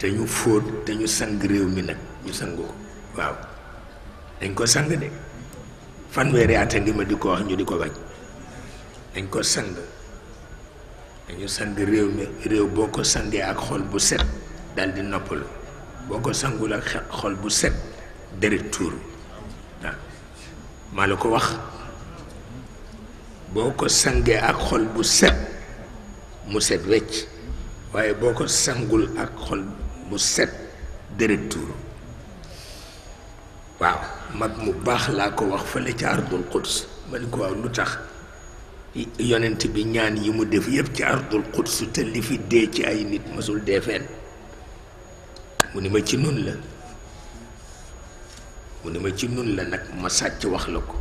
te ñu fóot dañu ñu sang réew mi nag ñu sang ko waaw dañ ko sang de fanweeri at ngi ma di ko wax ñu di ko bañ dañ ko sang dañu sang réew mi réew boo ko sangee ak xol bu set dal di noppalu boo ko sangul ak xol bu set deret tuur waaw maa la ko wax boo ko sangee ak xol bu set mu set wecc waaye boo ko sangul ak xol bu set deret waaw mag mu baax laa ko wax fële ci ardul quds ma ni ko waaw lu tax yonent bi ñaan yi mu def yëpp ci ardul quds te li fi dee ci ay nit mësul dee fenn mu ni ma ci nun la mu ni ma ci nun la nag ma sàcc wax la ko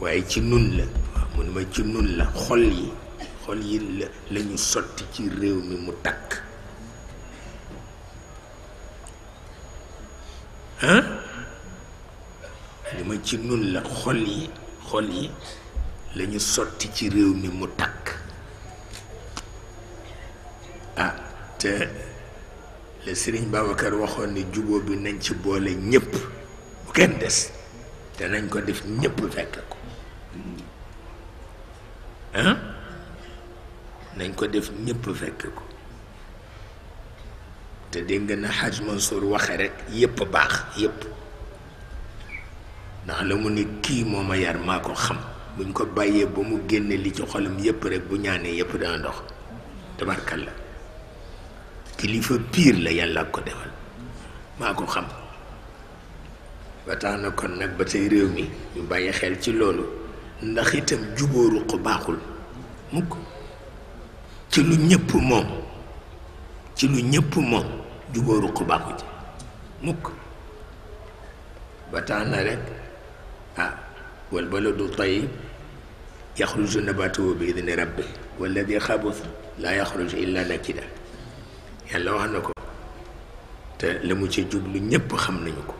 waaye ci nun la mu ni ma ci nun la xol yi xol yi la lañu sotti ci réew mi mu takk ah li ma ci nun la xol yi xol yi la sotti ci réew mi mu takk ah te le Sëriñ Babacar waxoon ni jubóo bi nañ ci boole ñépp bu kenn des te nañ ko def ñëpp fekk ko ah nañ ko def ñëpp fekk ko te dégg na Hadj Mansour waxe rek yépp baax yépp ndax la mu ne kii moo ma yar maa ko xam buñ ko bàyyee ba mu génnee li ci xolam yépp rek bu ñaanee yépp dana ndox tabarkal la kilifa piir la yàlla ko defal maa ko xam ba tax nag ba tey réew mi ñu bàyyi xel ci loolu ndax itam jubóoru ko baaxul mukk ci lu ñépp moom ci lu ñëpp moom jubóo ruq baaxu ci mukk ba tax na rek ah wal baladu tayib yaxruju nabatuhu bi idni rabbi walladi xabus laa yaxruju illa nakida yàlla wax na ko te la mu ci jublu ñëpp xam nañu ko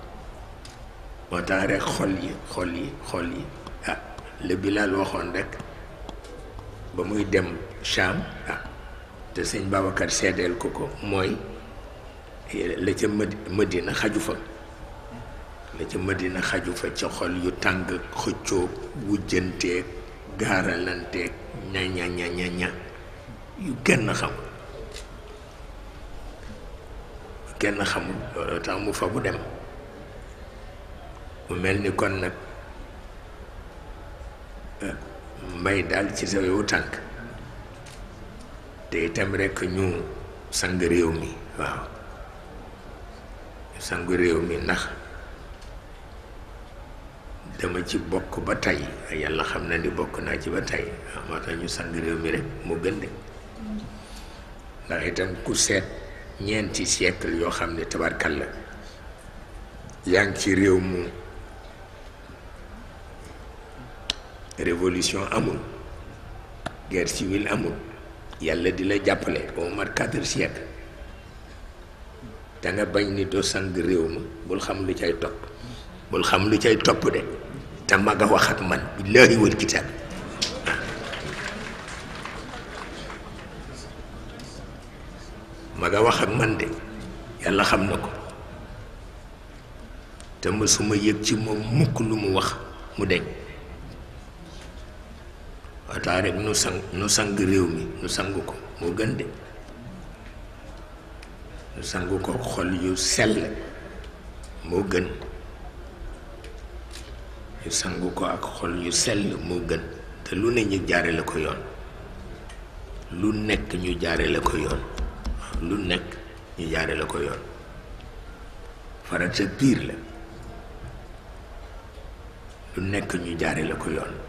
moo tax rek xol yi xol yi xol yi ah la Bilaal waxoon rek ba muy dem Sham ah te sëñ Babacar ko ko mooy la ca Madina xaju fa la ca Madina xaju fa ca xol yu tàng xëccoog wujjanteeg gaaralanteeg ña ña ña yu kenn xamul yu xamul looloo tax mu fa bu dem mu mel ni kon nag eh, mbay daal ci sa yow tànk te itam rekk ñu sang réew mi waaw ñu sang réew mi ndax dama ci bokk ba tey yàlla xam na ni bokk naa ci ba tey moo tax ñu sang réew mi rek mu gën de ndax itam ku seet ñeenti siècle yoo xam ne tabarkal la yaa ci réew mu révolution amul guerre civile amul yàlla di la jàppale au mat quatre siècles da nga bañ ni doo sang réew ma bul xam lu cay topp bul xam lu cay topp de te mag a wax ak man wax ak man de yàlla xam na ko te ma mësuma yëg ci moom mukk lu mu wax mu deñ waxtaan rek nu sang nu sang réew mi nu sang ko moo gën de nu sang ko xol yu sell moo gën ko ak xol yu moo gën te lu ne ñu jaare la ko yoon lu nekk ñu jaare la ko yoon lu nekk ñu jaare ko yoon farata piir la lu nekk ñu jaare la ko yoon